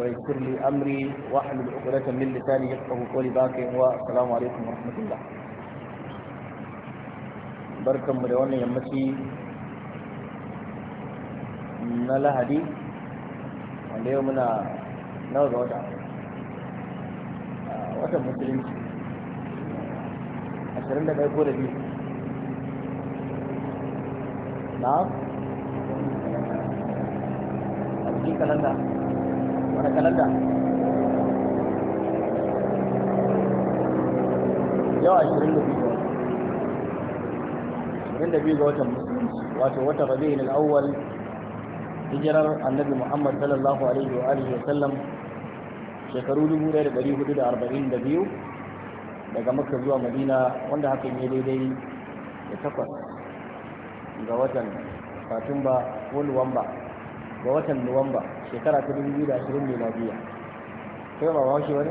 ويسر لي أمري واحمل عقدة من لساني يفقه قولي باقي والسلام عليكم ورحمة الله barkan mu da wannan yammaci na lahadi wanda yau muna nawa ga wata watan musulunci 21 ko da biyu wani kalanda yau ashirin da biyu ashirin da biyu ga watan musulunci wato watan rabi'in al'awwal hijirar annabi muhammad sallallahu alaihi wa alihi wa sallam shekaru dubu ɗaya da ɗari hudu da arba'in da biyu daga makka zuwa madina wanda hakan ya daidai da takwas ga watan satumba ko nuwamba ga watan nuwamba shekara ta dubu biyu da ashirin biya. kai ba ba shi wani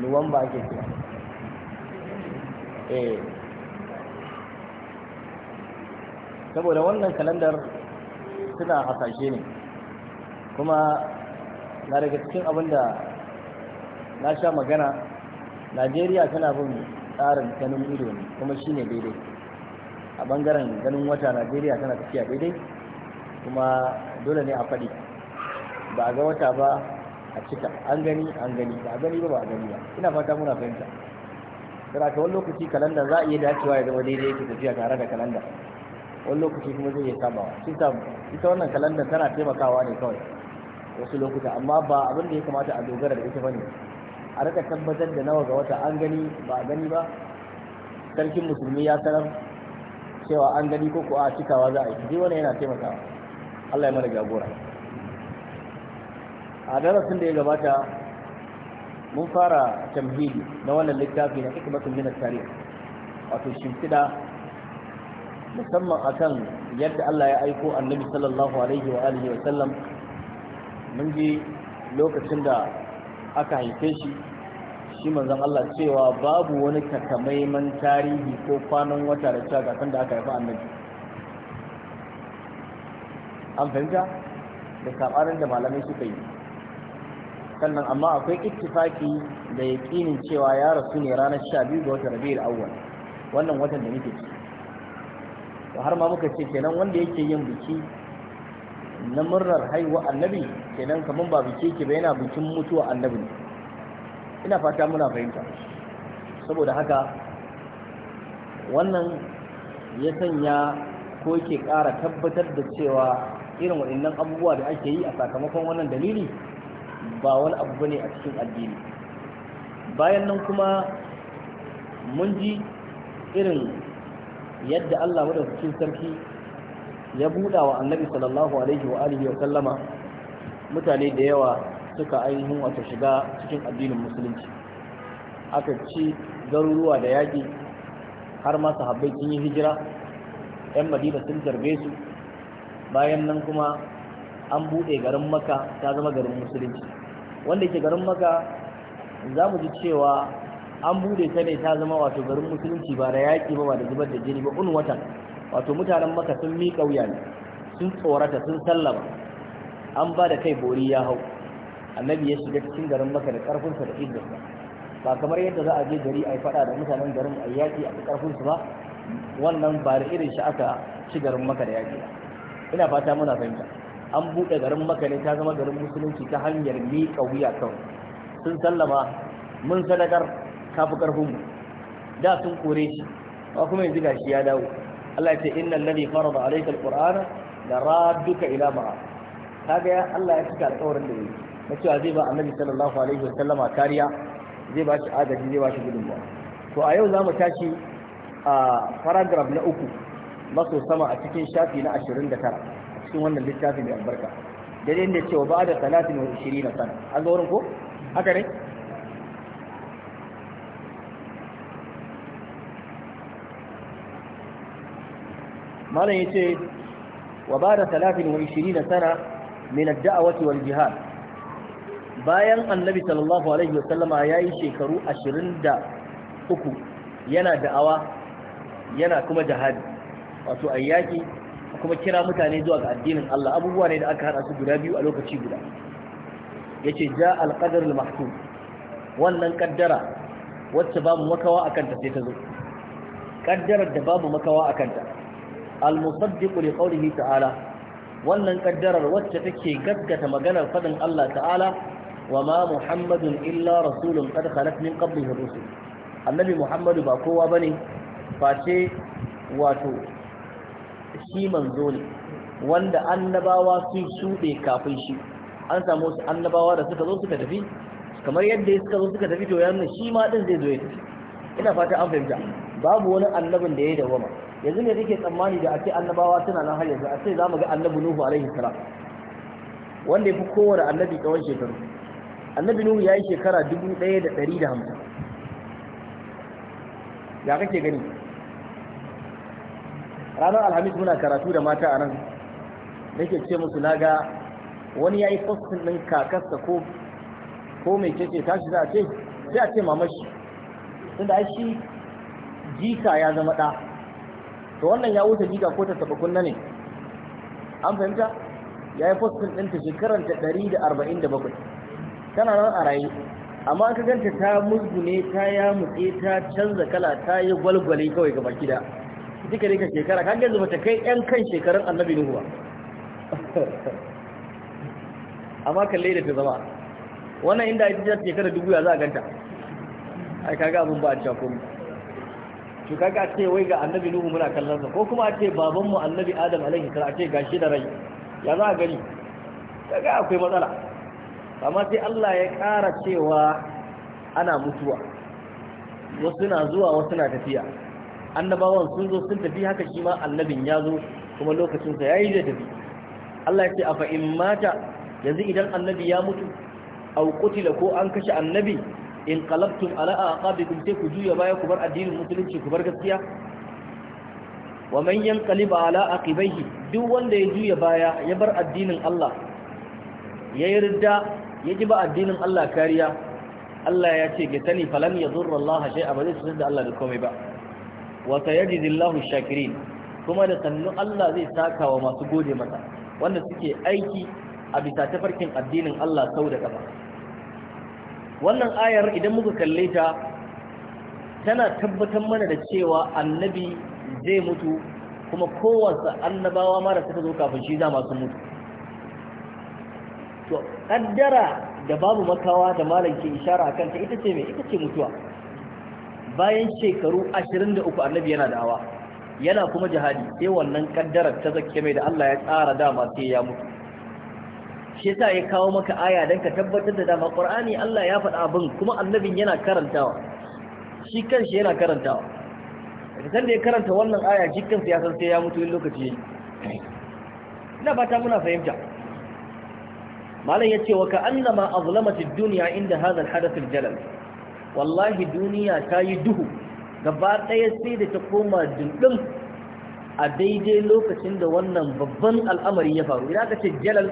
nuwamba ake kira eh saboda wannan kalandar suna hasashe ne kuma na daga cikin abin da na sha magana najeriya tana bin tsarin ganin ido ne kuma shine daidai a bangaren ganin wata najeriya tana tafiya daidai kuma dole ne a faɗi ba a ga wata ba a cika an gani an gani ba a gani ba ba a gani ba ina fata muna fahimta da ta wani lokaci kalanda za a iya dacewa ya zama daidai yake tafiya tare da kalanda wani lokaci kuma zai iya samawa shi ita wannan kalanda tana taimakawa ne kawai wasu lokuta amma ba abin da ya kamata a dogara da ita bane a rika tabbatar da nawa ga wata an gani ba a gani ba sarkin musulmi ya sanar cewa an gani ko ko a cikawa za a yi duk wani yana taimakawa Allah ya mana jagora a darasin da ya gabata mun fara tamhidi na wannan littafi na kuma sun gina tarihi wato shimfida musamman akan yadda Allah ya aiko Annabi sallallahu alaihi wa alihi wa sallam mun ji lokacin da aka haife shi shi manzon Allah cewa babu wani takamaiman tarihi ko kwanan wata da cewa ga da aka haifa Annabi an fahimta da sabanin da malamai suka yi sannan amma akwai ittifaki da yaƙinin cewa ya rasu ne ranar sha biyu ga watan rabi'ul awwal wannan watan da muke ci. to har ma muka ce kenan wanda yake yin biki na murnar haihuwa annabi kenan kamar ba biki yake ba yana bikin mutuwa annabi ina fata muna fahimta saboda haka wannan ya sanya ko yake ƙara tabbatar da cewa irin waɗannan abubuwa da ake yi a sakamakon wannan dalili ba wani abu bane a cikin addini bayan nan kuma mun ji irin yadda Allah madaukakin sarki ya buɗa wa annabi sallallahu alaihi wa alihi wa sallama mutane da yawa suka ainihin wato shiga cikin addinin musulunci aka ci garuruwa da yaƙi har ma sahabbai sun yi hijira 'yan madina sun zarge su bayan nan kuma an buɗe garin maka ta zama garin musulunci wanda ke garin maka za mu ji cewa an buɗe ta ne ta zama wato garin musulunci ba da yaƙi ba ba da zubar da jini ba un watan wato mutanen maka sun miƙa wuya ne sun tsorata sun sallama an ba da kai bori ya hau annabi ya shiga cikin garin maka da ƙarfinsa da izzarsa ba kamar yadda za a je gari a yi faɗa da mutanen garin a yaƙi a ƙarfinsu ba wannan ba da irin shi aka ci garin maka da yaƙi ba ina fata muna fahimta an buɗe garin maka ne ta zama garin musulunci ta hanyar miƙa wuya kan sun sallama mun sadakar kafi ƙarfinmu da sun kore shi ba kuma yanzu ga shi ya dawo Allah ya ce inna alladhi farada alayka alqur'ana la radduka ila ma'a kaga ya Allah ya cika alƙawarin da yake na cewa zai ba annabi sallallahu alaihi wa sallama kariya zai ba shi agaji zai ba shi gudunmawa to a yau za mu tashi a paragraph na uku maso sama a cikin shafi na 29 a cikin wannan littafi mai albarka dare inda cewa ba da talatin wa ishirin na sana an zo wurin ko haka ne malam ya ce wa ba da talatin wa ishirin 30 sana min ad-da'wati wal jihad bayan annabi sallallahu alaihi wasallama yayi shekaru 23 yana da'awa yana kuma jihadi wato a yaƙi kuma kira mutane zuwa ga addinin Allah abubuwa ne da aka hada su guda biyu a lokaci guda yace ja al-qadar al-mahkum wannan kaddara wacce babu makawa akan ta sai ta zo kaddarar da babu makawa akan ta al-musaddiq li qawlihi ta'ala wannan kaddarar wacce take gaggata maganar fadin Allah ta'ala wa ma muhammadun illa rasulun qad khalat min qablihi rusul annabi muhammadu ba kowa bane face wato shi manzo ne wanda annabawa sun shuɗe kafin shi an samu wasu annabawa da suka zo suka tafi kamar yadda ya suka zo suka tafi to ya nuna shi ma din zai zo ya tafi ina fata an fahimta babu wani annabin da ya yi dawama yanzu ne kake tsammani da a ce annabawa suna nan har yanzu a ce mu ga annabi nuhu alaihi salam wanda ya fi kowane annabi tsawon shekaru annabi nuhu ya yi shekara dubu ɗaya da ɗari da hamsin ya kake gani ranar alhamis muna karatu da mata a nan nake ce musu na ga wani ya yi postin ɗin kakasta ko ko mai kece tashi za a ce sai a ce mamashi tunda da shi jika ya zama ɗa to wannan ya wuce jika ko ta taɓa kunna ne an fahimta ya yi postin ɗin ta shekaran ta ɗari da arba'in da bakwai tana nan a raye amma an ka ganta ta musgune ta ya mutse ta canza kala ta yi gwalgwale kawai gaba gida duka rika shekara kan yanzu mace kai ƴan kan shekarun annabi nuhu ba amma kalle da ta zama wannan inda ake ta shekara dubu ya za a ganta ai kaga abin ba a cewa komai to kaga a ce wai ga annabi nuhu muna kallon sa ko kuma a ce babanmu annabi adam alaihi salatu a ce gashi da rai ya za a gani kaga akwai matsala amma sai Allah ya ƙara cewa ana mutuwa wasu na zuwa wasu na tafiya annabawan sun zo sun tafi haka shi ma annabin ya zo kuma lokacinsa ya yi da tafi Allah ya ce a fa'in mata yanzu idan annabi ya mutu au kutila ko an kashe annabi in qalabtum ala aqabikum sai ku juya baya ku bar addinin musulunci ku bar gaskiya wa manyan yanqalib ala aqibaihi duk wanda ya juya baya ya bar addinin Allah ya yarda ya ji ba addinin Allah kariya Allah ya ce ga sani falan yadurra Allah shay'a ba zai cutar da Allah da komai ba wa zillahu shakiri kuma da sannu Allah zai saka wa masu gode masa wanda suke aiki a bisa tafarkin addinin Allah sau da kafa wannan ayar idan muka kalle ta tana tabbatar mana da cewa annabi zai mutu kuma kowace annabawa mara suka zo kafin shi za masu mutu to kaddara da babu makawa da malam ke ishara akan ta ita ce mai ita ce mutuwa bayan shekaru 23 annabi yana da'awa yana kuma jihadi sai wannan kaddarar ta zakke mai da Allah ya tsara dama sai ya mutu shi yasa ya kawo maka aya dan ka tabbatar da dama Qur'ani Allah ya faɗa abin kuma annabin yana karantawa shi kanshi yana karantawa daga sanda ya karanta wannan aya shi kansa ya san sai ya mutu in lokaci yayi ina fata muna fahimta malam yace wa ka annama azlamatid dunya inda hadha al-hadath al-jalal wallahi duniya ta yi duhu gaba ɗaya sai da ta koma dindin a daidai lokacin da wannan babban al'amari ya faru idan aka ce jalal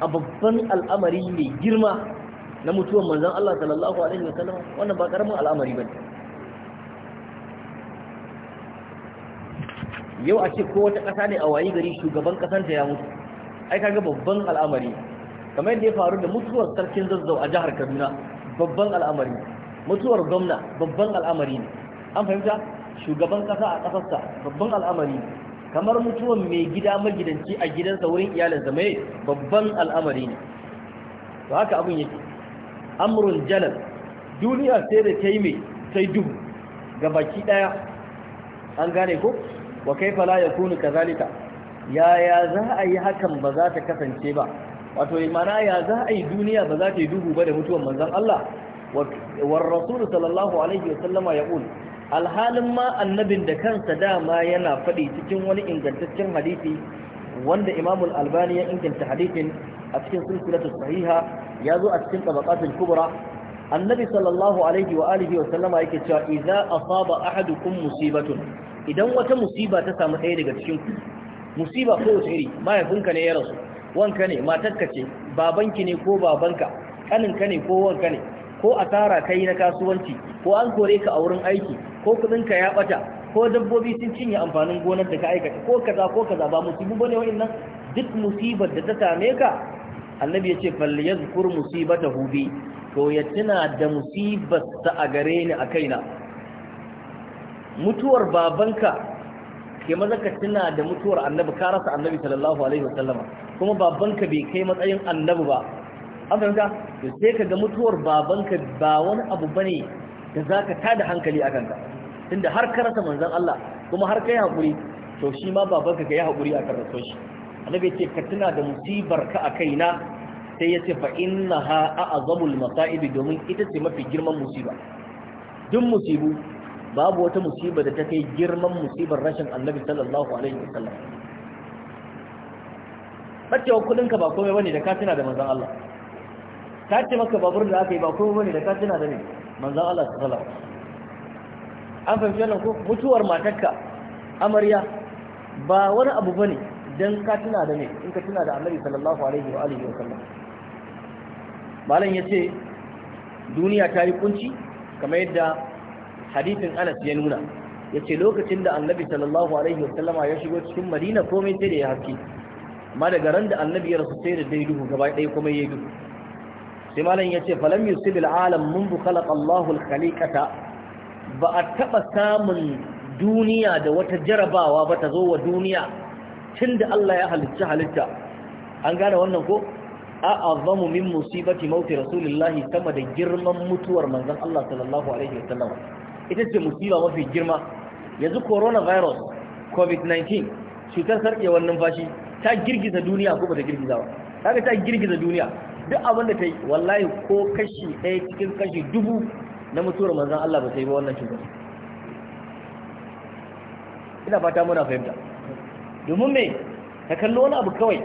a babban al'amari mai girma na mutuwan manzon Allah sallallahu alaihi wa wasallam wannan ba karamin al'amari bane yau a ce ko wata ƙasa ne a wayi gari shugaban ƙasar ƙasanta ya mutu ai kaga babban al'amari kamar yadda ya faru da mutuwar sarkin zazzau a jihar Kaduna babban al'amari mutuwar gwamna babban al'amari ne an fahimta shugaban kasa a kasarsa babban al'amari ne kamar mutuwar mai gida magidanci a gidansa wurin iyalinsa mai babban al'amari ne to haka abin yake amrun jalal duniya sai da ta yi mai sai duhu ga baki daya an gane ko wa ya la yakunu kazalika yaya za a yi hakan ba za ta kasance ba wato imana ya za a yi duniya ba za ta yi duhu ba da mutuwar manzon Allah والرسول صلى الله عليه وسلم يقول alhalin ma annabin da kansa dama yana faɗi cikin wani ingantaccen hadisi wanda imamul albani ya inganta hadisin a cikin sulsulatu sahiha ya zo a cikin tabaqatul kubra annabi sallallahu alaihi wa alihi wa sallama yake cewa idza asaba ahadukum musibatun idan wata musiba ta samu ɗaya daga cikin ku musiba ko wace iri mahaifinka ne ya rasu wanka ne matarka ce babanki ne ko babanka kaninka ne ko wanka ne ko asara kai na kasuwanci ko an kore ka a wurin aiki ko kudinka ya bata ko dabbobi sun cinye amfanin gonar da ka aikata ko kaza ko kaza ba musibu bane wa'annan duk musibar da ta same ka annabi yace fal yazkur musibatahu bi to ya tuna da musibar ta a gare ni a kaina mutuwar babanka ke maza ka tuna da mutuwar annabi ka rasa annabi sallallahu alaihi wasallama kuma babanka bai kai matsayin annabi ba an fahimta to sai ka ga mutuwar babanka ba wani abu bane da zaka tada hankali akan ka tunda har karanta manzan Allah kuma har yi hakuri to shi ma babanka ka yi hakuri akan rasu shi annabi ce ka tuna da musibar ka a kaina sai ya ce fa a azabul masa'ib domin ita ce mafi girman musiba duk musibu babu wata musiba da ta kai girman musibar rashin annabi sallallahu alaihi wasallam bacewa kudinka ba komai bane da ka tuna da manzon Allah ka ce maka babur da aka yi ba kuma bane da ka tuna da ne manzon Allah sallallahu alaihi an fahimci wannan ko mutuwar matarka amarya ba wani abu bane dan ka tuna da ne in ka tuna da Annabi sallallahu alaihi wa alihi wasallam malam ce duniya ta yi kunci kamar yadda hadisin Anas ya nuna Ya ce lokacin da Annabi sallallahu alaihi wa sallama ya shigo cikin Madina komai sai da ya haske amma daga ran da Annabi ya rasu sai da dai duhu gaba ɗaya komai ya duhu sai malam yace falam yusibil alam mundu khalaqa Allahu al-khaliqata ba a taba samun duniya da wata jarabawa ba ta zo wa duniya tunda Allah ya halicci halitta an gane wannan ko a azamu min musibati mauti rasulillahi sama da girman mutuwar manzon Allah sallallahu alaihi wasallam ita ce musiba mafi girma yanzu coronavirus covid-19 cutar sarkewar numfashi ta girgiza duniya ko ba ta girgiza ba kaga ta girgiza duniya duk abinda ta yi wallahi ko kashi ɗaya cikin kashi dubu na mutuwar manzan Allah ba ta yi ba wannan cutar ina fata muna fahimta domin me ka kalli wani abu kawai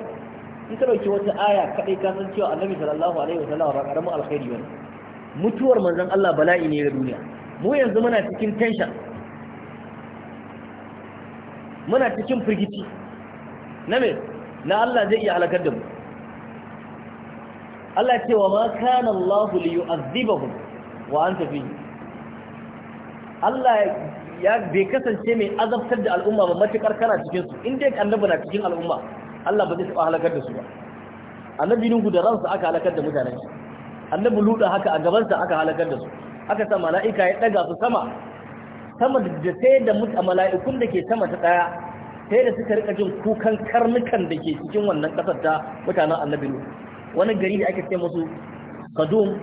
in ka dauki wata aya kadai ka san cewa annabi sallallahu alaihi wa sallam ba karamin alkhairi bane mutuwar manzan Allah bala'i ne ga duniya mu yanzu muna cikin tension muna cikin firgici na me na Allah zai iya halakar da mu Allah ce wa ma kana Allah li wa anta fi Allah ya bai kasance mai azabtar da al'umma ba matukar kana cikin su inda annabi na cikin al'umma Allah ba zai taba halakar da su ba annabi nuhu da ransa aka halakar da mutanen shi annabi luda haka a gaban sa aka halakar da su aka sa mala'ika ya daga su sama sama da sai da mala'ikun da ke sama ta daya sai da suka rika jin kukan karnukan da ke cikin wannan kasar ta mutanen annabi nuhu wani gari da ake ce musu kadum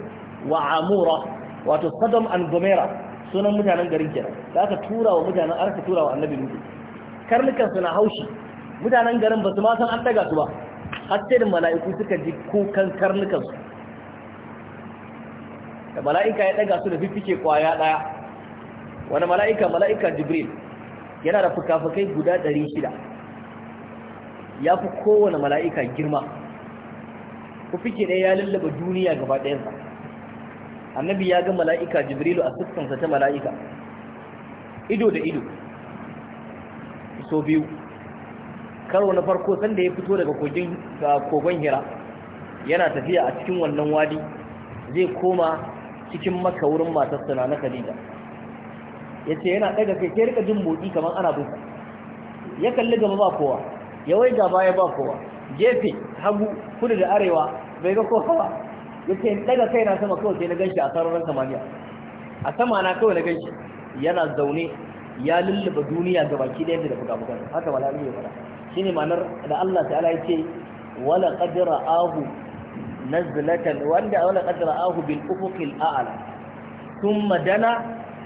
wa amura wato kadum an gomera sunan mutanen garin kenan da aka tura wa mutanen aka tura wa annabi nuhu karnukan suna haushi mutanen garin ba su ma san an daga su ba har sai da mala'iku suka ji kukan karnukan su da mala'ika ya daga su da fiffike kwaya daya wani mala'ika mala'ika jibril yana da fukafukai guda 600 ya fi kowane mala'ika girma kufike ɗaya ya lallaba duniya gaba ɗayansa annabi ya ga mala'ika jibrilu a fuskansa ta mala'ika ido da ido so biyu karo na farko sanda ya fito daga kogon hira yana tafiya a cikin wannan wadi zai koma cikin maka wurin matarsa na khadija ya ce yana ɗaga kai sai rika jin bodi kamar ana buka ya kalli gaba ba kowa ya gaba ya ba kowa gefe hagu kudu da arewa bai ga kowa ba yace daga kai na sama kawai na ganshi a sararin samaniya a sama na kawai na ganshi yana zaune ya lullaba duniya ga baki yadda da buga buga haka wala ne fara ne ma'anar da Allah ta'ala yace wala qadra ahu nazlatan wanda wala qadra ahu bil ufuqil a'la thumma dana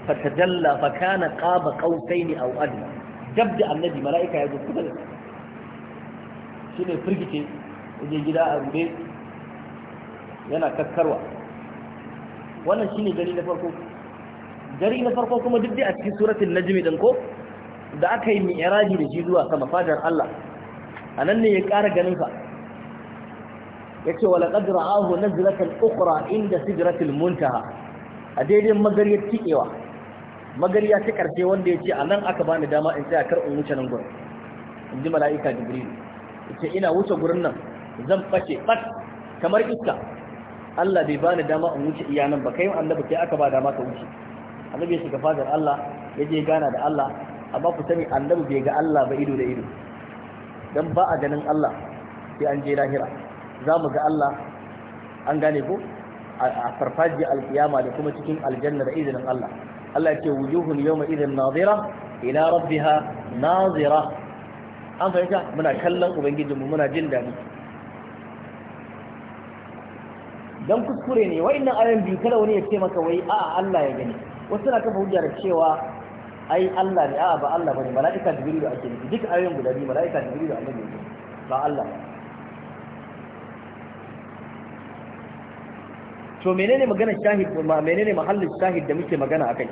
fatadalla fakana qaba qawsayn aw adna dabda annabi malaika yazo shi ne firgice je gida a rube yana kakkarwa wannan shine gari na farko gari na farko kuma duk da a cikin suratul najmi din ko da aka yi mi'raji da shi zuwa sama fadar Allah anan ne ya ƙara ganin sa yace wala qad ra'ahu nazlatan ukhra inda sidratil muntaha a daidai magariyar tikewa magariya ta karshe wanda yace anan aka bani dama in tsaya kar in wuce nan gurin inji mala'ika jibril yace ina wuce gurin nan zan fashe bat kamar iska Allah bai bani dama in wuce iya nan ba kai annabi kai aka ba dama ka wuce annabi ya shiga fadar Allah ya je gana da Allah amma ku sani annabi bai ga Allah ba ido da ido dan ba a ganin Allah sai an je lahira za mu ga Allah an gane ko a farfajiyar alkiyama da kuma cikin aljanna da izinin Allah Allah ce wujuhun yawma idhin nazira ila rabbiha nazira an fahimta muna kallon ubangijinmu muna jin daɗi Don kuskure ne wa'annan ayoyin biyu kada wani ya ce maka wai a'a Allah ya gani wasu na kafa hujja da cewa ai Allah ne a'a ba Allah bane mala'ika jibrilu ake nufi duk ayoyin guda biyu mala'ika jibrilu annabi ne ba Allah to menene magana shahid ma menene mahallin shahid da muke magana akai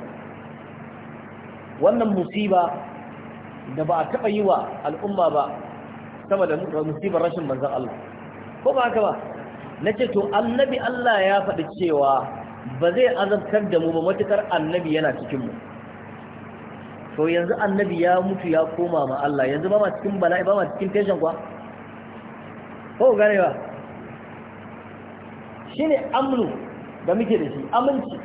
wannan musiba da ba a taɓa yi wa al'umma ba saboda musibar rashin manzan Allah ko ba haka ba na ce to annabi Allah ya faɗi cewa ba zai azabtar da mu ba matukar annabi yana cikinmu to yanzu annabi ya mutu ya koma ma Allah yanzu ba ma cikin bala'i ba ma cikin tension kwa ko gane ba shine amnu da muke da shi aminci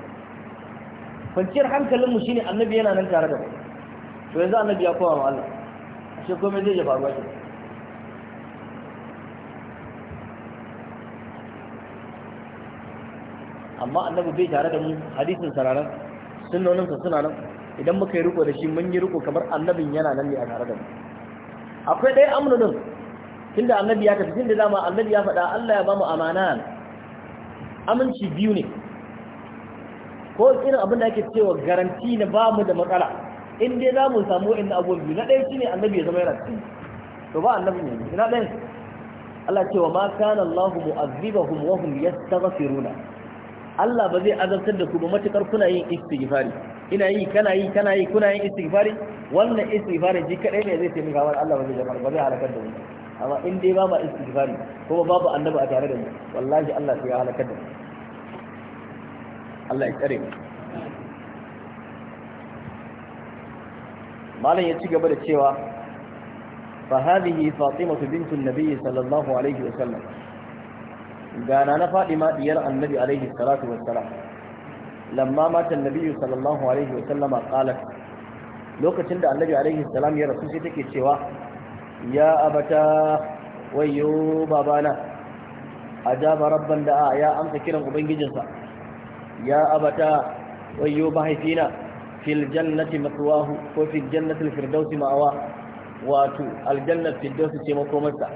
kwanciyar hankalinmu shine annabi yana nan tare da mu to yanzu annabi ya koma ma Allah ashe komai zai ya faruwa shi amma annabi bai tare da mu hadisin sararan sunnonin sa suna nan idan muka yi riko da shi mun yi riko kamar annabin yana nan ne a tare da mu akwai dai amnu din tunda annabi ya tafi tunda dama annabi ya faɗa Allah ya bamu amana aminci biyu ne ko irin abin da ake cewa garanti na ba mu da matsala in dai za mu samu inda abubuwan biyu na ɗaya shi ne annabi ya zama yana cikin to ba annabi ne ina ɗaya Allah ce wa ma kana Allahu mu'azzibahum wa hum yastaghfiruna Allah ba zai azabtar da ku ba matukar kuna yin istighfari ina yi kana yi kana yi kuna yin istighfari wannan istighfari ji kadai ne zai taimaka wa Allah ba zai jama'a ba zai halakar da mu amma in dai ba ma istighfari kuma babu annabi a tare da mu wallahi Allah sai ya halakar da mu Allah ya tsare mu malam ya ci gaba da cewa fa hadhihi fatimatu bintu an-nabi sallallahu alaihi wa sallam gana na faɗi ma diyar annabi alaihi salatu Wa Salam lamma mata annabi sallallahu alaihi wasallam qalat lokacin da annabi alaihi salam ya rasu sai take cewa ya abata wayo babana ajaba rabban da'a ya amsa kiran ubangijinsa ya abata wayo mahaifina fil jannati matwahu ko fil jannati al firdausi ma'awa wato al jannati firdausi ce makomarsa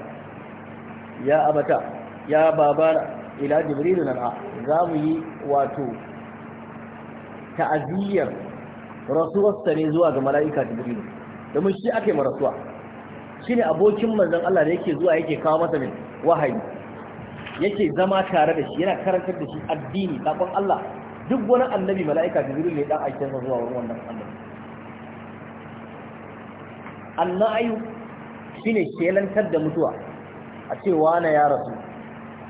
ya abata ya babara ila jibrilu nan za mu yi wato ta'aziyyar rasuwarsa ne zuwa ga mala'ika jibrilu domin shi ake ma rasuwa shi ne abokin manzon Allah da yake zuwa yake kawo masa min wahayi yake zama tare da shi yana karantar da shi addini sakon Allah duk wani annabi mala'ika jibrilu ne dan aikin sa zuwa wurin wannan annabi annayu shine shelantar da mutuwa a cewa na ya rasu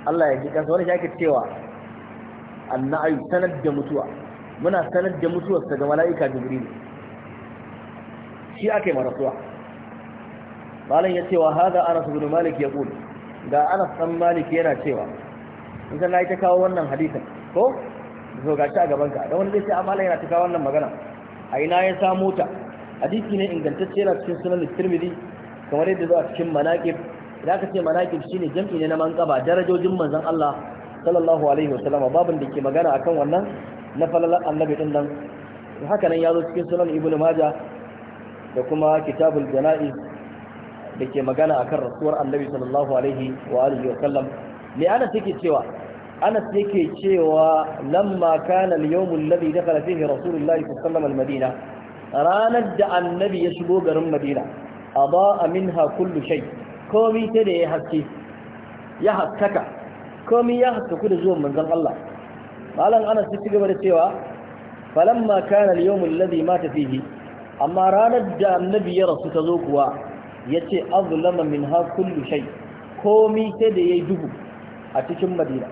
Allah ya ji kansa wani shi ake cewa anna'ayu sanar da mutuwa muna sanar da mutuwar sa ga mala'ika jibril shi ake marasuwa malam ya cewa hada anas ibn malik ya qul ga anas dan malik yana cewa in san nayi ta kawo wannan hadisin ko zo ga a gaban ka dan wani sai ce ah, amma yana ta kawo wannan magana a ina ya samu ta hadisi ne ingantacce yana cikin sunan tirmidhi kamar yadda zo a cikin manaqib idan aka ce manaqib shine jam'i ne na manqaba darajojin manzon Allah sallallahu alaihi wasallam babin da ke magana akan wannan na falalar annabi din nan haka nan ya zo cikin sunan ibnu majah da kuma kitabul janaiz da ke magana akan rasuwar annabi sallallahu alaihi wa alihi wa sallam me ana take cewa Anas yake cewa lamma kana al-yawm alladhi dakhala fihi rasulullahi sallallahu alaihi wasallam al-Madina ranar da annabi ya shigo garin Madina adaa minha kullu shay komi ta da ya haske ya haskaka komi ya haskaku da zuwan manzon Allah malam Anas ci gaba da cewa falamma kana al-yawm alladhi mata fihi amma ranar da annabi ya rasu ta zo kuwa yace azlama minha kullu shay komi ta da yayi dubu a cikin Madina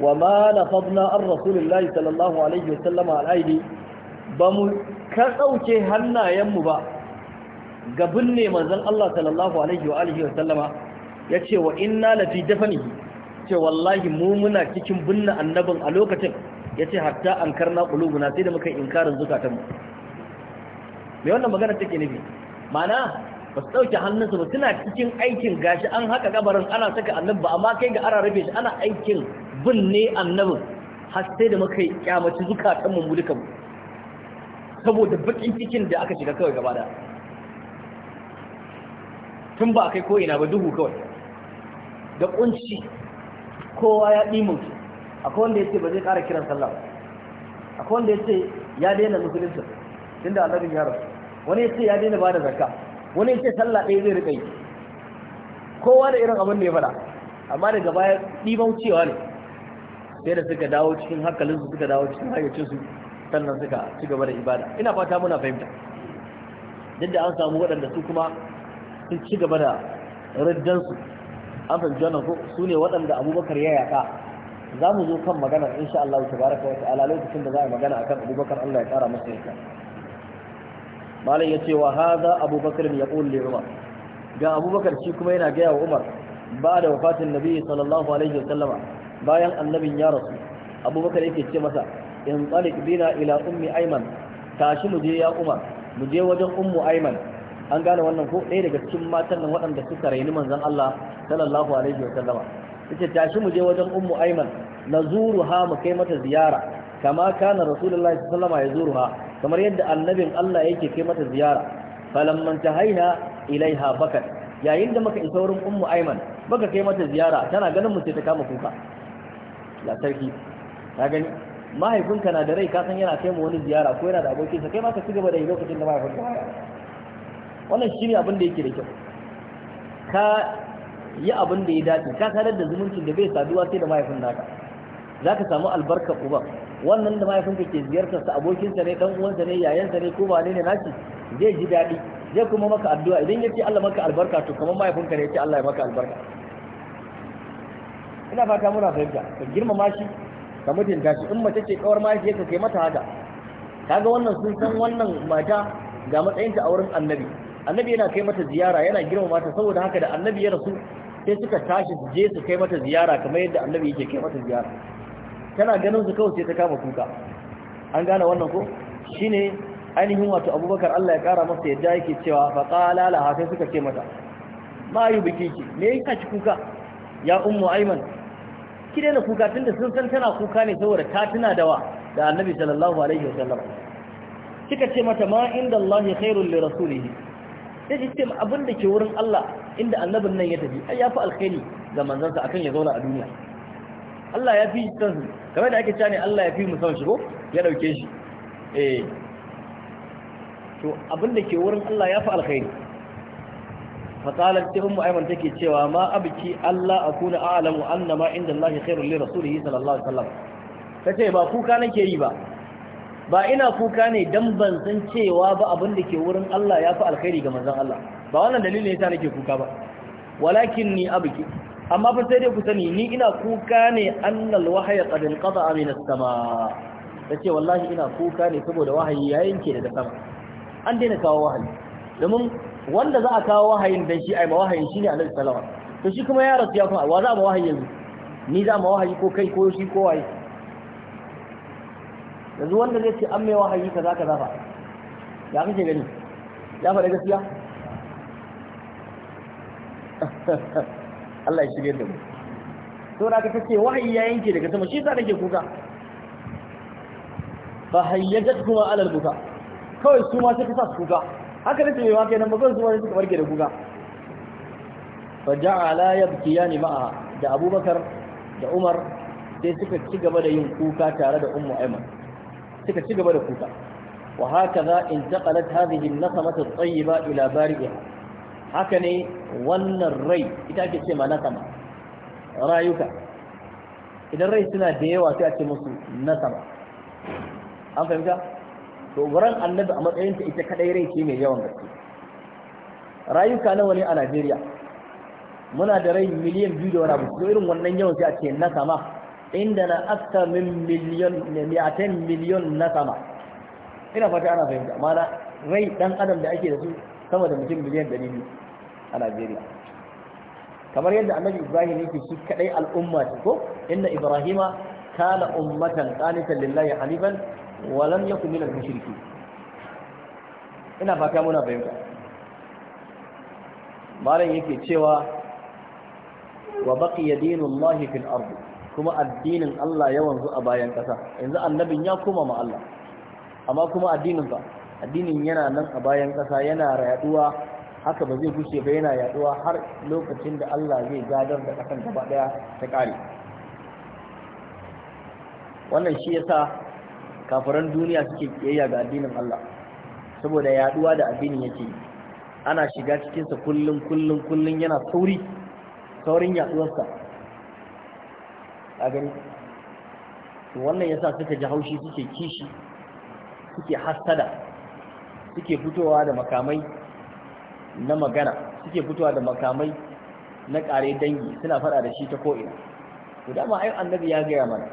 wa ma lafadna an rasulullahi sallallahu alaihi wasallama al-aidi ba mu ka hannayen mu ba ga binne manzon Allah sallallahu alaihi wa alihi wa sallama yace wa inna lafi dafani ce wallahi mu muna cikin binne annabin a lokacin yace hatta ankarna qulubuna sai da muka inkarin mu. me wannan magana take nufi mana ba su dauke hannunsu ba suna cikin aikin gashi an haka kabarin ana saka annabi amma kai ga ara rabe shi ana aikin binne annabin har sai da muka kyamaci zukatan mu dukan saboda bakin cikin da aka shiga kawai gaba daya tun ba a kai ko ina ba duhu kawai da kunci kowa ya ɗimutu akwai wanda ya ce ba zai ƙara kiran sallah akwai wanda ya ce ya daina musulunci tun da annabin yaron. wani ya ce ya daina ba da zakka wani ya ce sallah ɗaya zai riƙa yi kowa da irin abin da ya faɗa amma daga baya ɗiban cewa ne sai da suka dawo cikin hankalinsu suka dawo cikin hayyacinsu sannan suka ci gaba da ibada ina fata muna fahimta duk da an samu waɗanda su kuma su ci gaba da riddansu an fahimci wannan su ne waɗanda abubakar ya yaƙa za mu zo kan magana insha Allah ta baraka wa ta'ala lokacin da za a magana akan abubakar Allah ya ƙara masa yaka malam ya ce wa haza abubakar ya ƙulle umar ga abubakar shi kuma yana gaya wa umar ba da wafatin nabi sallallahu alaihi wa sallama bayan annabin ya rasu abubakar yake ce masa in tsalik bina ila ummi aiman tashi mu je ya umar mu je wajen ummu aiman an gane wannan ko ɗaya daga cikin matan nan waɗanda suka raini manzon Allah sallallahu alaihi wa sallama tace tashi mu je wajen ummu aiman nazuruha mu kai mata ziyara kama kana rasulullahi sallallahu alaihi yazuruha kamar yadda annabin Allah yake kai mata ziyara falamman tahaina ilaiha bakat yayin da muka isa wurin ummu aiman baka kai mata ziyara tana ganin mu sai ta kama kuka la sarki ka gani mahaifinka na da rai ka san yana kai mu wani ziyara ko yana da abokinsa kai ma ka ci gaba da yi lokacin da mahaifinka wannan shi ne abin da yake da kyau ka yi abin da ya dace ka sanar da zumuncin da bai saduwa sai da mahaifin naka za ka samu albarkar uba wannan da mahaifinka ke ziyartar sa abokinsa ne dan uwansa ne yayansa ne ko ba ne naci zai ji daɗi zai kuma maka addu'a idan ya ce Allah maka albarka to kamar mahaifinka ne ya ce Allah ya maka albarka ina fata muna fahimta ka girmama shi ka mutunta shi in mace ce kawar ka kai mata haka kaga wannan sun san wannan mata ga matsayinta a wurin annabi annabi yana kai mata ziyara yana girmama ta saboda haka da annabi ya rasu sai suka tashi su je su kai mata ziyara kamar yadda annabi yake kai mata ziyara tana ganin su kawai sai ta kama kuka an gane wannan ko shine ainihin wato abubakar Allah ya kara masa yadda yake cewa fa qala laha sai suka ce mata ma yubiki ki me yake ci kuka ya ummu ayman ki daina kuka tunda sun san tana kuka ne saboda ta tuna da wa da annabi sallallahu alaihi wasallam kika ce mata ma inda Allah khairul li rasulihi sai da ce abin da ke wurin Allah inda annabin nan ya tafi ai ya fi alkhairi ga manzansa akan ya zauna a duniya Allah ya fi san su kamar da ake cewa ne Allah ya fi mu san shi ko ya dauke shi eh to abin da ke wurin Allah ya fi alkhairi fatalar ta ummu aiman take cewa ma abki Allah akuna a'lamu annama inda Allah khairul li rasulihi sallallahu alaihi wasallam tace ba kuka nake yi ba ba ina kuka ne dan ban san cewa ba abin da ke wurin Allah ya fi alkhairi ga manzon Allah ba wannan dalilin yasa nake kuka ba walakin ni abki amma fa sai dai ku sani ni ina kuka ne annal wahya qad inqata min as-sama tace wallahi ina kuka ne saboda wahayi ya yanke daga sama an daina kawo wahayi domin wanda za a kawo wahayin dan shi ai ma wahayin shine Annabi sallallahu alaihi wasallam to shi kuma ya rasu ya kuma wa za mu ma wahayi yanzu ni za mu wahayi ko kai ko shi ko waye yanzu wanda zai ce an mai wahayi kaza kaza zafa ya kake gani ya faɗa gaskiya Allah ya shirye da mu to da ka ce wahayi ya yanke daga sama shi sa nake kuka fa hayyajat kuma alal buka kawai su ma sai ka sa su kuka haka nake mai wake nan bakon su ma suka barke da kuka fa ja'ala yabkiyani ma'a da Abubakar da Umar sai suka ci gaba da yin kuka tare da Ummu Aiman suka ci gaba da kuka wa hakaza intaqalat hadhihi nasa nasamatu tsayi tayyiba ila bari'iha haka ne wannan rai ita ake ce ma nasama rayuka idan rai suna da yawa sai a ce musu nasama an fahimta to wurin annabi a matsayin ta ita kadai rai ce mai yawan gaske rayuka nawa ne a Najeriya muna da rai miliyan biyu da wani abu irin wannan yawan sai a ce nasama indana akthar min miliyon ne mi'atan miliyon na sama ina fata ana fahimta mana rai dan adam da ake da su sama da mutum miliyan 200 a Najeriya kamar yadda annabi Ibrahim yake shi kadai al'umma ce ko inna ibrahima kana ummatan qanitan lillahi hanifan wa lam yakun minal mushrikeen ina fata muna fahimta malam yake cewa wa baqiya dinullahi fil kuma addinin Allah ya wanzu a bayan ƙasa yanzu annabin ya koma ma Allah amma kuma addinin ba addinin yana nan a bayan ƙasa yana yaduwa haka ba zai gushe ba yana yaduwa har lokacin da Allah zai gadar da ƙasan gaba ɗaya ta ƙare wannan shi yasa kafiran duniya suke kiyayya ga addinin Allah saboda yaduwa da addinin yake ana shiga cikinsa kullum kullum kullum yana sauri saurin yaduwarsa a gani wannan yasa suka ji haushi suke kishi suke hastada suke fitowa da makamai na magana suke fitowa da makamai na ƙare dangi suna faɗa da shi ta ko'ina to dama ai annabi ya gaya mana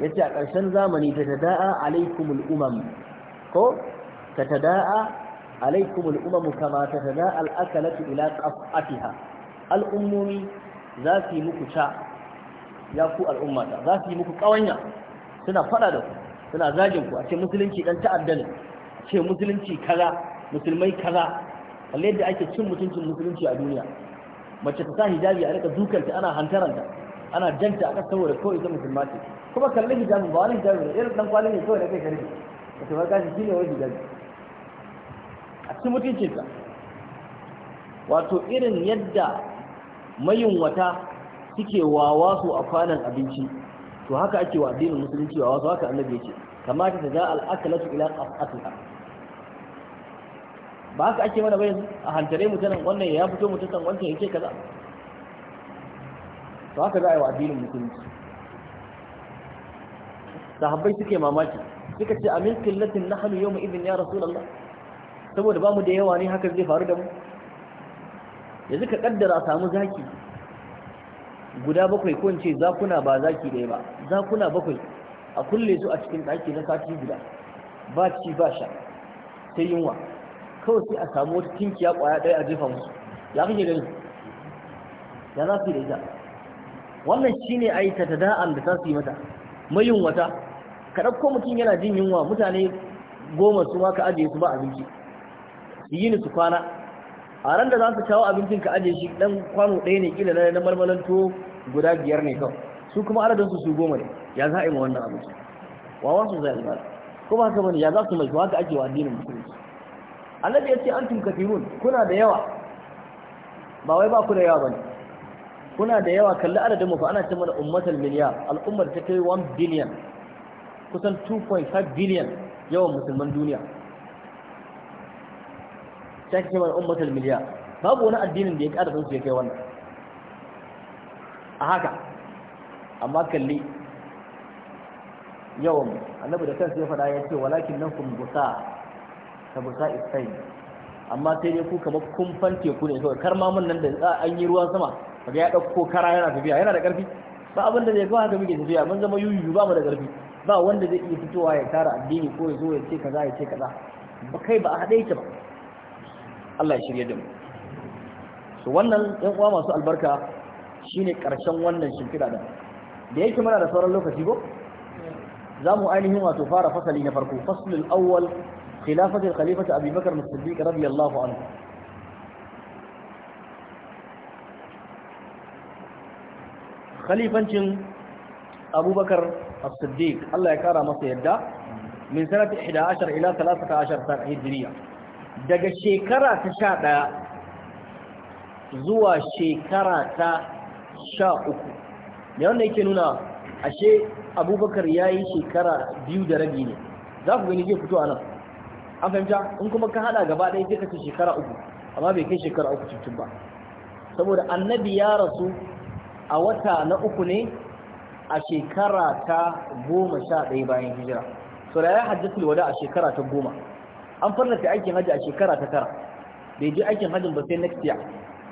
ya ce a ƙarshen zamani ta ta tada'a alaikumul umam ko ta ta tada'a alaikumul umam kama ta ta tada'a al'akalatu ila qaf'atiha al'ummomi za su yi muku ca ya ku al'ummata za su yi muku kawanya suna fada da ku suna zagin ku a ce musulunci dan ta'adda ne a ce musulunci kaza musulmai kaza kalle yadda ake cin mutuncin musulunci a duniya mace ta sa hijabi a rika dukanta ana hantaranta ana janta a kasar da kawai ita musulma ce kuma kalle hijabi ba wani hijabi ne irin dan kwalin ne kawai da kai karfi ka tafi gashi shi ne wani hijabi a cikin ka, wato irin yadda mayunwata suke wawa su a kwanan abinci to haka ake wa addinin musulunci wawa su haka annabi yake kamata ta ja al'akalatu ila qasatuha ba haka ake mana bayan a hantare mu tanan wannan ya fito mu tanan wancan yake kaza to haka za a yi wa addinin musulunci sahabbai suke mamaki suka ce amin killatin nahnu yawma idin ya rasulullah saboda ba mu da yawa ne haka zai faru da mu yanzu ka kaddara samu zaki guda bakwai ko ce zakuna ba zaki ɗaya ba zakuna bakwai a kulle su a cikin ɗaki na sati guda ba ci ba sha sai yunwa kawai sai a samu wata tinkiya ƙwaya ɗaya a jefa musu ya kake gani ya za su yi da ita wannan shine aita ta da'an da za su yi mata mayunwata wata. ɗauko mutum yana jin yunwa mutane goma su ma ka ajiye su ba abinci yi ni su kwana a ran da za su kawo abincin ka aje shi dan kwano ɗaya ne kila na marmalan tuwo guda biyar ne kawai su kuma adadin su su goma ne ya za a yi ma wannan abinci Wa wa su zai almara ko ba haka bane ya za su mai haka ake wa addinin musulunci annabi ya ce antum kafirun kuna da yawa ba wai ba ku da yawa bane kuna da yawa kalli adadin mu fa ana ce mana ummatal miliyar al'ummar ta kai 1 billion kusan 2.5 billion yawan musulman duniya ta ce mana ummatul miliya babu wani addinin da ya ƙara sun su ya kai wannan a haka amma kalli yawan annabi da kansa ya faɗa ya ce walakin nan kun busa ka busa isai amma sai dai ku kamar kun fante ku ne kawai kar mamun nan da za a yi ruwan sama kaga ya ɗauko kara yana tafiya yana da ƙarfi ba abin da zai kawo haka muke tafiya mun zama yuyu ba mu da ƙarfi ba wanda zai iya fitowa ya tara addini ko ya zo ya ce kaza ya ce kaza ba kai ba a haɗe yake ba Allah ya shirye da mu so wannan yan uwa masu albarka shine karshen wannan shimfiɗa din da yake muna da sauran lokaci ko za mu ainihin wato fara fasali na farko faslul awwal khilafati al-khalifati Abi Bakar as-Siddiq radiyallahu anhu khalifancin Abubakar as-Siddiq Allah ya kara masa yadda min sanati 11 ila 13 hijriya daga shekara ta sha ɗaya zuwa shekara ta sha uku da wanda yake nuna ashe abubakar ya yi shekara biyu da rabi ne za ku gani zai fito a nan an fahimta in kuma ka haɗa gaba ɗaya sai ka ci shekara uku amma bai kai shekara uku cikin ba saboda annabi ya rasu a wata na uku ne a shekara ta goma sha ɗaya bayan hijira sauraya hajjatul wada a shekara ta goma an farlata aikin haji a shekara ta tara bai je aikin hajin ba sai next year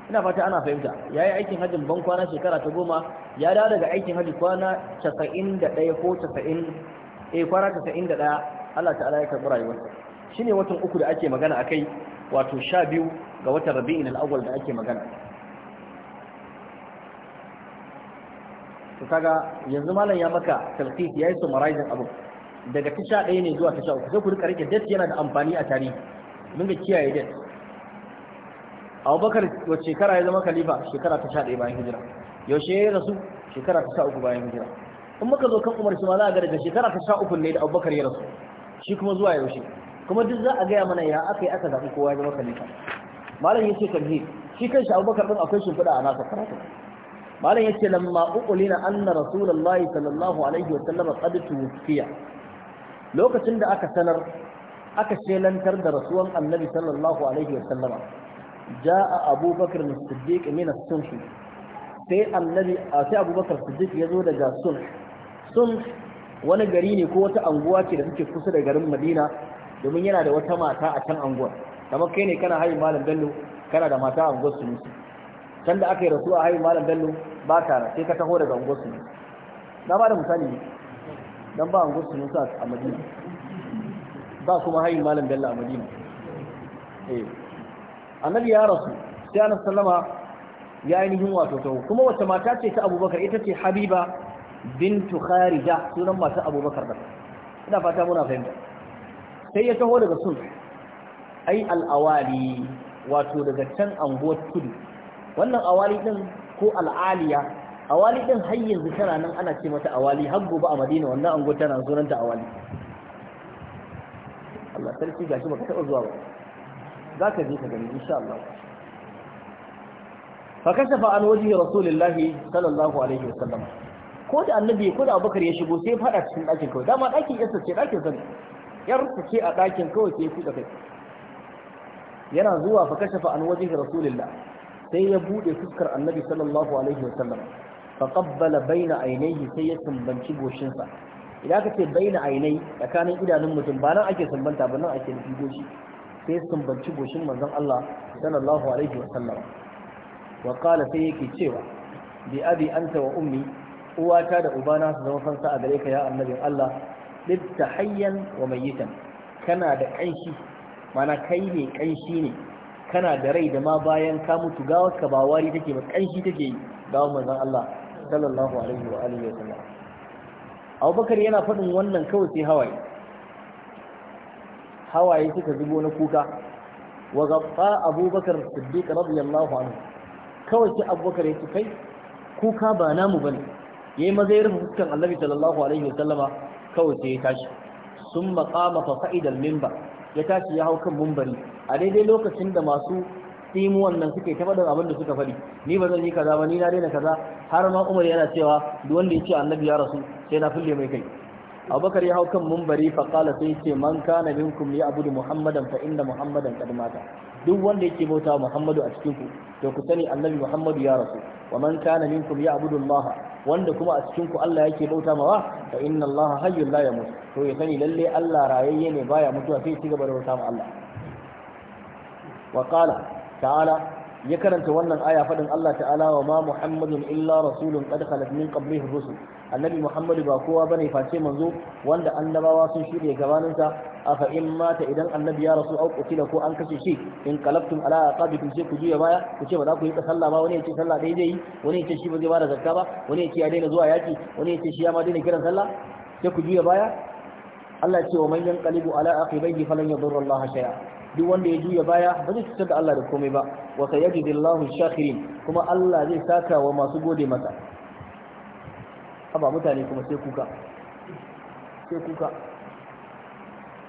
ina fata ana fahimta ya yi aikin hajin ban kwana shekara ta goma ya dawo daga aikin haji kwana casa'in da ɗaya ko casa'in eh kwana casa'in da ɗaya Allah ta'ala ya karɓi rayuwarsa shi ne watan uku da ake magana a kai wato sha biyu ga watan rabi'in al'awwal da ake magana to kaga yanzu malam ya maka talqis yayi summarizing abu daga tasha ɗaya ne zuwa tasha uku sai ku rika rike det yana da amfani a tarihi mun ga kiyaye det abubakar wa shekara ya zama khalifa shekara ta sha ɗaya bayan hijira yaushe ya rasu shekara ta sha uku bayan hijira in muka zo kan umar shi ma za a ga daga shekara ta sha uku ne da abubakar ya rasu shi kuma zuwa yaushe kuma duk za a gaya mana ya aka yi aka zaɓi kowa ya zama khalifa malam ya ce kalhi shi kanshi abubakar ɗin akwai shimfiɗa a nasa karatu malam ya ce lamma uqulina anna rasulullahi sallallahu alaihi wa sallam qad tuwfiya lokacin da aka sanar aka shelantar da rasuwan annabi sallallahu alaihi sallama ja'a abubakar siddiq min as sunni sai annabi sai abubakar siddiq yazo daga Sun, Sun wani gari ne ko wata anguwa ce da take kusa da garin madina domin yana da wata mata a can anguwar kamar kai ne kana hayi malam bello kana da mata a anguwar sunni musu can da aka yi rasuwa hayi malam bello ba tare sai ka taho daga anguwar sunni na ba da misali dan ba an gusu musa a madina ba kuma hayin malam bello a madina eh annabi ya rasu sai annabi sallama ya ainihin wato tawo kuma wata mata ce ta abubakar ita ce habiba bintu kharija sunan mata abubakar da ina fata muna fahimta sai ya taho daga sun ai al'awali wato daga can anguwar tudu wannan awali din ko al'aliya awali din har yanzu tana nan ana ce mata awali har gobe a madina wannan ango tana sunanta awali Allah sarki gashi baka taɓa zuwa ba za ka je ka gani insha Allah fa kashafa an wajhi rasulillahi sallallahu alaihi wasallam ko da annabi ko da abubakar ya shigo sai fada cikin ɗakin kawai dama ɗakin yarsa ce ɗakin sa 'yar yarsa ce a ɗakin kawai sai ya kuɗa kai yana zuwa fa kashafa an wajhi rasulillah sai ya buɗe fuskar annabi sallallahu alaihi wasallam bai baina ainihi sai ya sumbanci goshinsa idan aka ce baina ainai tsakanin idanun mutum ba nan ake sumbanta ba nan ake nufi goshi sai ya sumbanci goshin manzon Allah sallallahu alaihi wa sallam wa sai yake cewa bi abi anta wa ummi uwata da ubana su zama fansa a gare ka ya annabin Allah litta hayyan wa mayyitan kana da kanshi mana kai ne kanshi ne kana da rai da ma bayan ka mutu gawar ka ba wari take ba kanshi take yi gawar manzon Allah sallallahu alaihi wa alihi wa sallam abubakar yana faɗin wannan kawai sai hawaye hawaye suka zubo na kuka wa gaba abubakar siddiq radiyallahu anhu kawai sai abubakar ya kai kuka ba namu bane yayi maza ya rufe fuskan annabi sallallahu alaihi wa sallama kawai sai ya tashi sun maƙama fa fa'idal mimba ya tashi ya hau kan mumbari a daidai lokacin da masu tsimuwan nan suke ta faɗin abin da suka faɗi ni ba zan yi kaza ba ni na daina kaza har ma umar yana cewa duk wanda ya ce annabi ya rasu sai na fulle mai kai abubakar ya hau kan mumbari fa sai ce man kana minkum ya abudu muhammadan fa inda muhammadan kad mata duk wanda yake bauta muhammadu a cikin ku to ku sani annabi muhammadu ya rasu wa man kana minkum ya abudu allah wanda kuma a cikin ku Allah yake bauta mawa fa inna allaha hayyul la yamut to ya sani lalle Allah rayayye ne baya mutuwa sai ci gaba da bauta ma Allah ta'ala ya karanta wannan aya faɗin Allah ta'ala wa ma Muhammadun illa rasulun qad khalat min qablihi rusul annabi Muhammadu ba kowa bane face manzo wanda annabawa sun shirye gabanin sa afa in mata idan annabi ya rasu au qutila ko an kashe shi in qalabtum ala aqabikum sai ku juya baya ku ce ba za ku yi sallah ba wani ya ce sallah dai zai yi wani ya ce shi ba zai bada zakka ba wani ya ce ya daina zuwa yaki wani ya ce shi ya ma daina kiran sallah sai ku juya baya Allah ya ce wa man yanqalibu ala aqibaihi falan yadurra Allah shay'a duk wanda ya juya baya ba zai cutar da Allah da komai ba wa sayyidillahu shakirin kuma Allah zai saka wa masu gode masa haba mutane kuma sai kuka sai kuka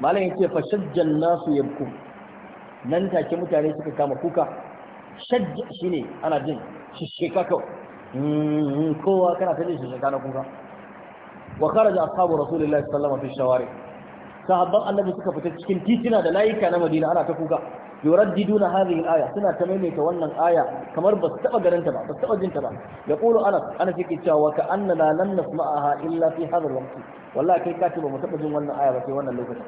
malam yace fa shajjan nasu yabku nan take mutane suka kama kuka shajj shine ana jin shisheka ko hmm, hmm, kowa kana ta jin shisheka na kuka wa kharaja ashabu rasulillahi sallallahu alaihi wasallam fi shawari' sahabban annabi suka fita cikin titina da layuka na madina ana ta kuka yuraddiduna hadhihi al-aya suna ta maimaita wannan aya kamar ba su taba ganin ta ba ba su taba jin ta ba yaqulu anas anas yake cewa ka annana lan nasma'aha illa fi hadha al-waqt wallahi kai ka ce ba mu taba jin wannan aya ba sai wannan lokacin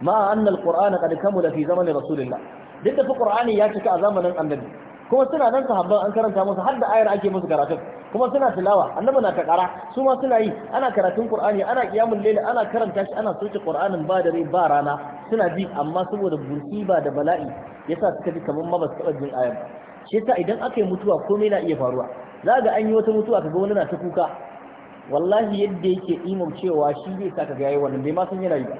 ma anna al-qur'ana qad kamula fi zamani rasulillah duk da qur'ani ya cika a zamanin annabi kuma suna nan sahabban an karanta musu har da ayar ake musu karatun kuma suna tilawa annabi na takara su ma suna yi ana karatun qur'ani ana qiyamul layl ana karanta shi ana soke qur'anin ba dare ba rana suna ji amma saboda ba da bala'i yasa suka ji kaman ma ba su jin shi yasa idan aka yi mutuwa komai na iya faruwa za ga an yi wata mutuwa kaga wani na ta kuka wallahi yadda yake imam cewa shi zai saka ga yayi wannan bai ma san yana yi ba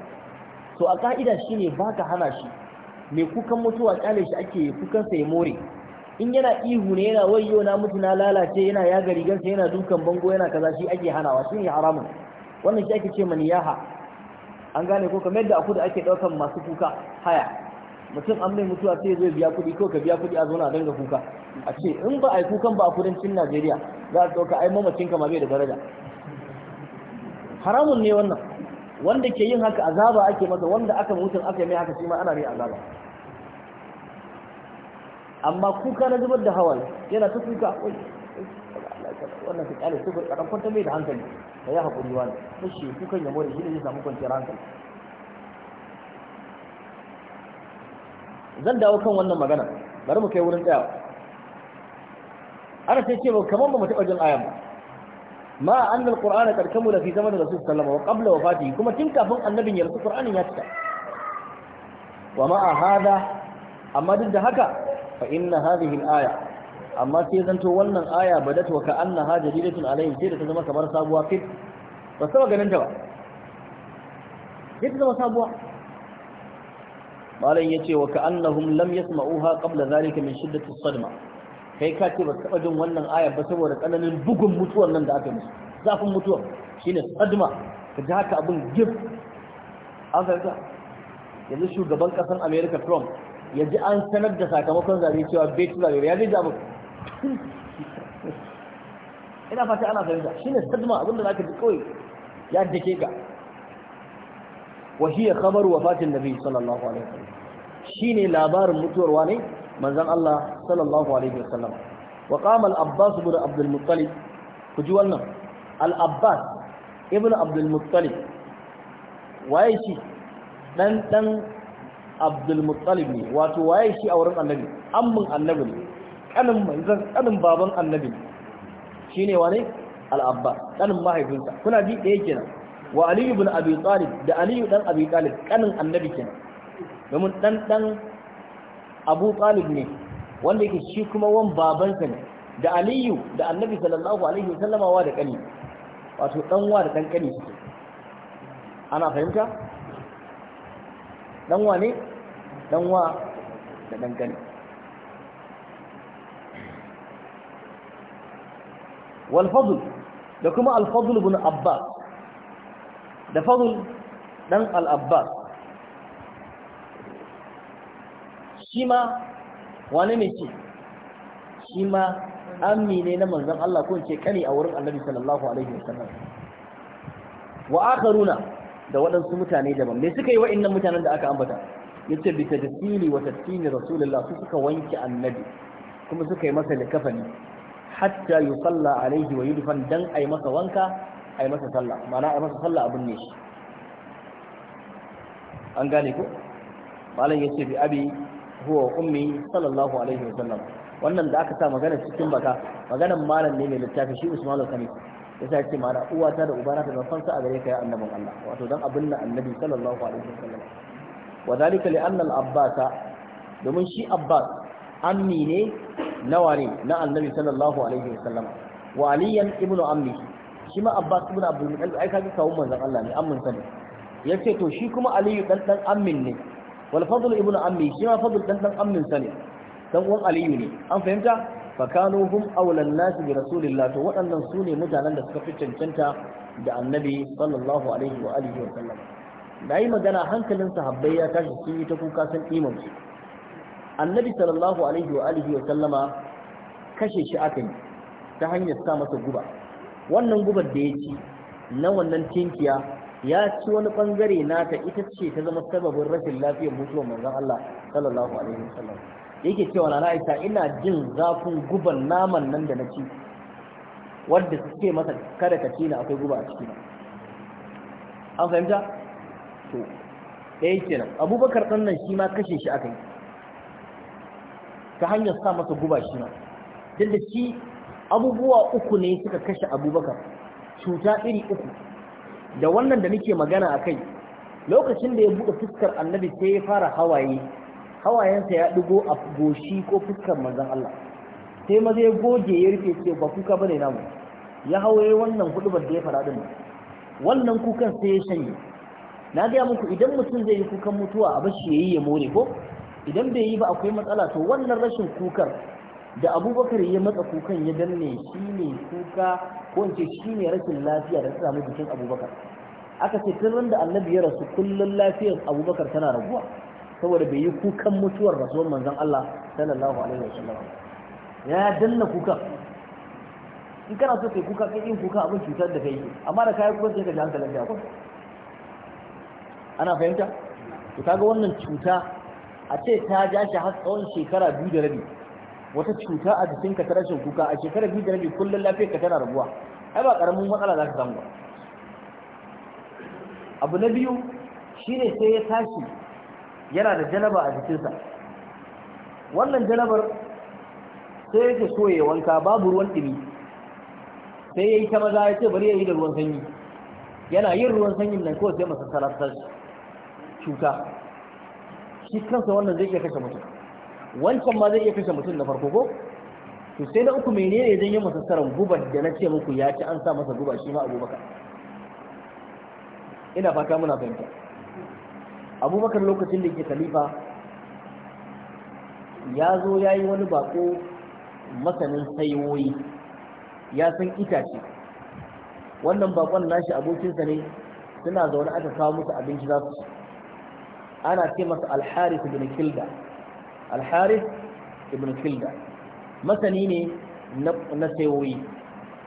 to a ka'ida shine baka hana shi mai kukan mutuwa kyale shi ake kukan sa ya more in yana ihu ne yana wayo na mutu na lalace yana yaga gansa yana dukan bango yana kaza shi ake hanawa shi ne haramun wannan shi ake ce maniyaha an gane ko kamar yadda aku da ake daukan masu kuka haya mutum an mai mutuwa sai zai biya kuɗi ko ka biya kuɗi a zauna danga kuka a ce in ba a yi kukan ba a kudancin Najeriya za a dauka ai mamacin ka ma bai da daraja haramun ne wannan wanda ke yin haka azaba ake masa wanda aka mutun aka yi mai haka shi ma ana mai azaba amma kuka na zubar da hawan yana ta kuka wannan fitsari su karan kwanta mai da hankali da ya haƙuri wani fashe kukan ya mori shi ne zai samu kwanciyar hankali zan dawo kan wannan magana bari mu kai wurin tsayawa ana sai ce kamar ba mu taɓa jin ayan ba ma anna alqur'ana qad kamula fi da rasul sallama wa ƙabla wa qabla kuma tun kafin annabin ya rasu ƙur'anin ya cika wa ma hada amma duk da haka fa inna hadhihi al-aya amma sai zanto wannan aya ba badat wa na ha jadidatun alayin sai da ta zama kamar sabuwa fit ba saba ganin ta ba sai ta zama sabuwa malam ce wa na ka'annahum lam ya yasma'uha qabla zarika min shiddati as-sadma kai ka ce ba taba jin wannan aya ba saboda tsananin bugun mutuwar nan da aka musu zafin mutuwar Shi ne sadma ka ji haka abin gif an fahimta yanzu shugaban kasan America Trump ya ji an sanar da sakamakon zabe cewa bai zabe ya ji ina fata ana fahimta shine sadma abinda zaka ji kawai ya dake ka wa hiya khabaru wafatin nabi sallallahu alaihi wasallam shine labarin mutuwar wane manzon Allah sallallahu alaihi wasallam wa qama al-abbas ibn abd ku ji wannan al-abbas ibn abd waye shi abdulmuttalib ne wato waye shi a wurin annabi ammin annabi ne kanin manzan kanin baban annabi shine wane Al'abba. abba kanin mahaifinsa kuna ji ɗaya kenan wa aliyu bin abi talib da aliyu dan abi talib kanin annabi kenan domin dan dan abu talib ne wanda yake shi kuma wan babansa ne da aliyu da annabi sallallahu alaihi wasallama wa da kani wato dan wa da dan kani ana fahimta dan wane dan wa da dan gani wal fadl da kuma al fadl ibn abbas da fadl dan al abbas shi ma wane ne ce shi ma ammi ne na manzon Allah ko ce kani a wurin Annabi sallallahu alaihi wasallam wa akharuna da waɗansu mutane daban me suka yi innan mutanen da aka ambata Ya ce yace da tadfili wa tadfini rasulullah su suka wanke annabi kuma suka yi masa likafani hatta yusalla alaihi wa don a yi masa wanka a yi masa sallah ma'ana ai masa sallah abun ne shi an gane ku? malam ya ce bi abi huwa ummi sallallahu alaihi wa sallam wannan da aka sa magana cikin baka maganan malam ne mai littafi shi Usman al-Khamis yasa ce mana uwata da ubana ta zan fansa a gare ka ya annabin Allah wato dan abin da annabi sallallahu alaihi wasallam wa zalika li anna al-abbasa domin shi abbas ammi ne na wani na annabi sallallahu alaihi wasallam wa aliyan ibnu ammi shi ma abbas ibnu abdul muttalib ai kaga kawun manzon Allah ne ammin sa ne yace to shi kuma aliyu dan dan ammin ne wal fadl ibnu ammi shi ma fadl dan dan ammin sa ne dan uwan aliyu ne an fahimta fakanu hum awlan nasi bi rasulillah to waɗannan sune mutanen da suka fi cancanta da annabi sallallahu alaihi wa alihi wa sallam da yi magana hankalin sahabbai ya tashi sun yi ta kuka sun imamci annabi sallallahu alaihi wa alihi wa sallama kashe shi aka yi ta hanyar sa masa guba wannan gubar da ya ci na wannan tinkiya ya ci wani bangare nata ita ce ta zama sababin rashin lafiyar mutuwar manzon Allah sallallahu alaihi wa sallam yake cewa na Aisha ina jin zafin guban naman nan da na ci wadda suke masa kada ka ci na akwai guba a ciki an fahimta to ɗaya nan. abubakar ɗan nan shi ma kashe shi aka yi ta hanyar sa masa guba shi ma duk da shi abubuwa uku ne suka kashe abubakar cuta iri uku da wannan da nake magana a kai lokacin da ya buɗe fuskar annabi sai ya fara hawaye hawayensa ya ɗigo a goshi ko fuskar manzan Allah sai maza ya goge ya rufe ce ba kuka ba ne namu ya ya wannan hudubar da ya fara din wannan kukan sai ya shanye na gaya muku idan mutum zai yi kukan mutuwa a bashi ya yi ya more ko idan bai yi ba akwai matsala to wannan rashin kukar da abubakar ya matsa kukan ya danne shi ne kuka ko in ce shi ne rashin lafiya da ta samu jikin abubakar aka ce tun wanda annabi ya rasu kullum lafiyar abubakar tana raguwa saboda bai yi kukan mutuwar rasuwar manzon Allah sallallahu alaihi wasallam ya danna kuka in kana so kai kuka kai yin kuka abin cutar da kai amma da kai kuka sai ka ji hankalin ka akwai ana fahimta to kaga wannan cuta a ce ta ja shi har tsawon shekara biyu da rabi wata cuta a jikinka ta rashin kuka a shekara biyu da rabi kullum lafiyar ka tana rabuwa ai ba karamin matsala za ka samu ba abu na biyu shine sai ya tashi yana da janaba a jikinsa wannan janabar sai yake so ya wanka babu ruwan ɗumi sai ya yi ta maza ya ce bari ya yi da ruwan sanyi yana yin ruwan sanyin nan kawai sai masu sarrafar cuta shi kansa wannan zai iya kashe mutum wancan ma zai iya kashe mutum na farko ko to sai na uku ne zan yi masa saran gubar da na ce muku ya ci an sa masa guba shi ma abubakar ina fata muna fahimta abubakar lokacin da ke khalifa ya zo ya yi wani bako masanin saiwoyi ya san itace wannan bakon nashi abokinsa ne suna zaune aka kawo musu abinci za su ci ana ce masa alharis ibn kilda alharis ibn kilda masani ne na saiwoyi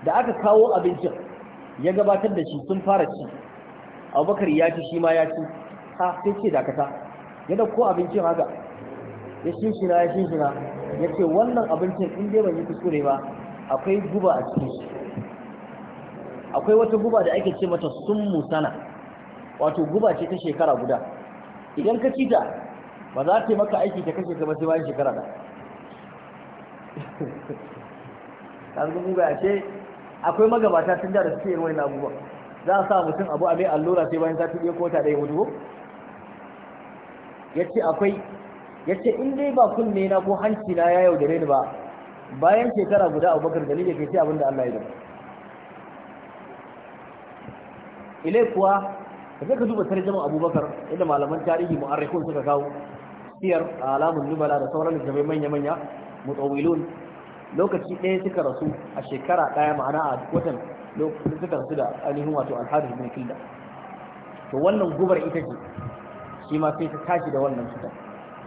da aka kawo abincin ya gabatar da shi sun fara ci abubakar ya ci shi ma ya ci a sai ce dakata ya ko abincin haka ya shinshina ya shinshina ya ce wannan abincin in dai ban yi kuskure ba akwai guba a cikin shi akwai wata guba da ake ce mata sun musana wato guba ce ta shekara guda idan ka ci ta ba za ta yi maka aiki ta kashe ka ba sai bayan shekara da yanzu guba ya ce akwai magabata sun da suke yin wani abubuwa za a sa mutum abu a mai allura sai bayan sati ɗaya ko ta ɗaya mutu yace akwai yace in dai ba kunne na ko hanci na ya yaudare ni ba bayan shekara guda Abubakar dalili ke ce abinda Allah ya da ilai kuwa kaje ka duba tarjuma Abubakar inda malaman tarihi mu'arrikhun suka kawo siyar alamun nubala da sauran littafai manya-manya mutawilun lokaci ɗaya suka rasu a shekara ɗaya ma'ana a watan lokacin suka rasu da ainihin wato alhadis bin kilda to wannan gubar ita ce shi ma sai ta tashi da wannan cutar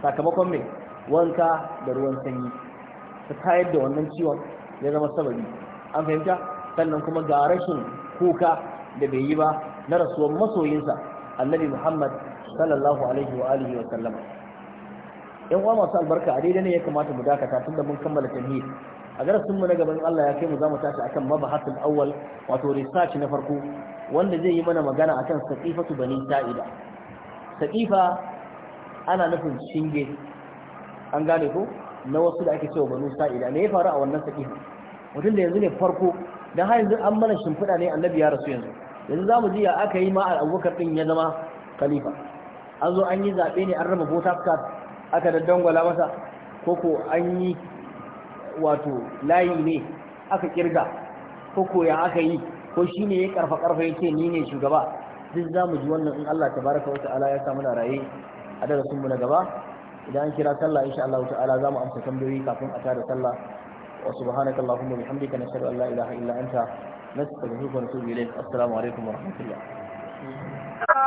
sakamakon mai wanka da ruwan sanyi ta tayar da wannan ciwon ya zama sababi an fahimta sannan kuma ga rashin kuka da bai yi ba na rasuwar masoyinsa annabi muhammad sallallahu alaihi wa alihi wa sallama yan uwa masu albarka a daidai ne ya kamata mu dakata tunda mun kammala tamhid a darasin mu na gaban Allah ya kai mu zamu tashi akan mabahatul awwal wato research na farko wanda zai yi mana magana akan saqifatu bani sa'ida saƙifa ana nufin shinge an gane ko na wasu da ake cewa banu sa'ida ne ya faru a wannan saƙifa mutum da yanzu ne farko dan har yanzu an mana shimfiɗa ne annabi ya rasu yanzu yanzu za mu ji ya aka yi ma abubakar ɗin ya zama khalifa an zo an yi zaɓe ne an raba voter card aka daddangwala masa ko an yi wato layi ne aka kirga ko ko ya aka yi ko shine ne ya karfa karfa ya ni ne shugaba duk za mu ji wannan in Allah tabaraka wa ta'ala ya samu na raye a darasin mu na gaba idan an kira sallah insha Allah ta'ala za mu amsa tambayoyi kafin a tada sallah wa subhanaka allahumma bihamdika nashhadu an la ilaha illa anta nastaghfiruka wa natubu ilayk assalamu alaikum wa rahmatullah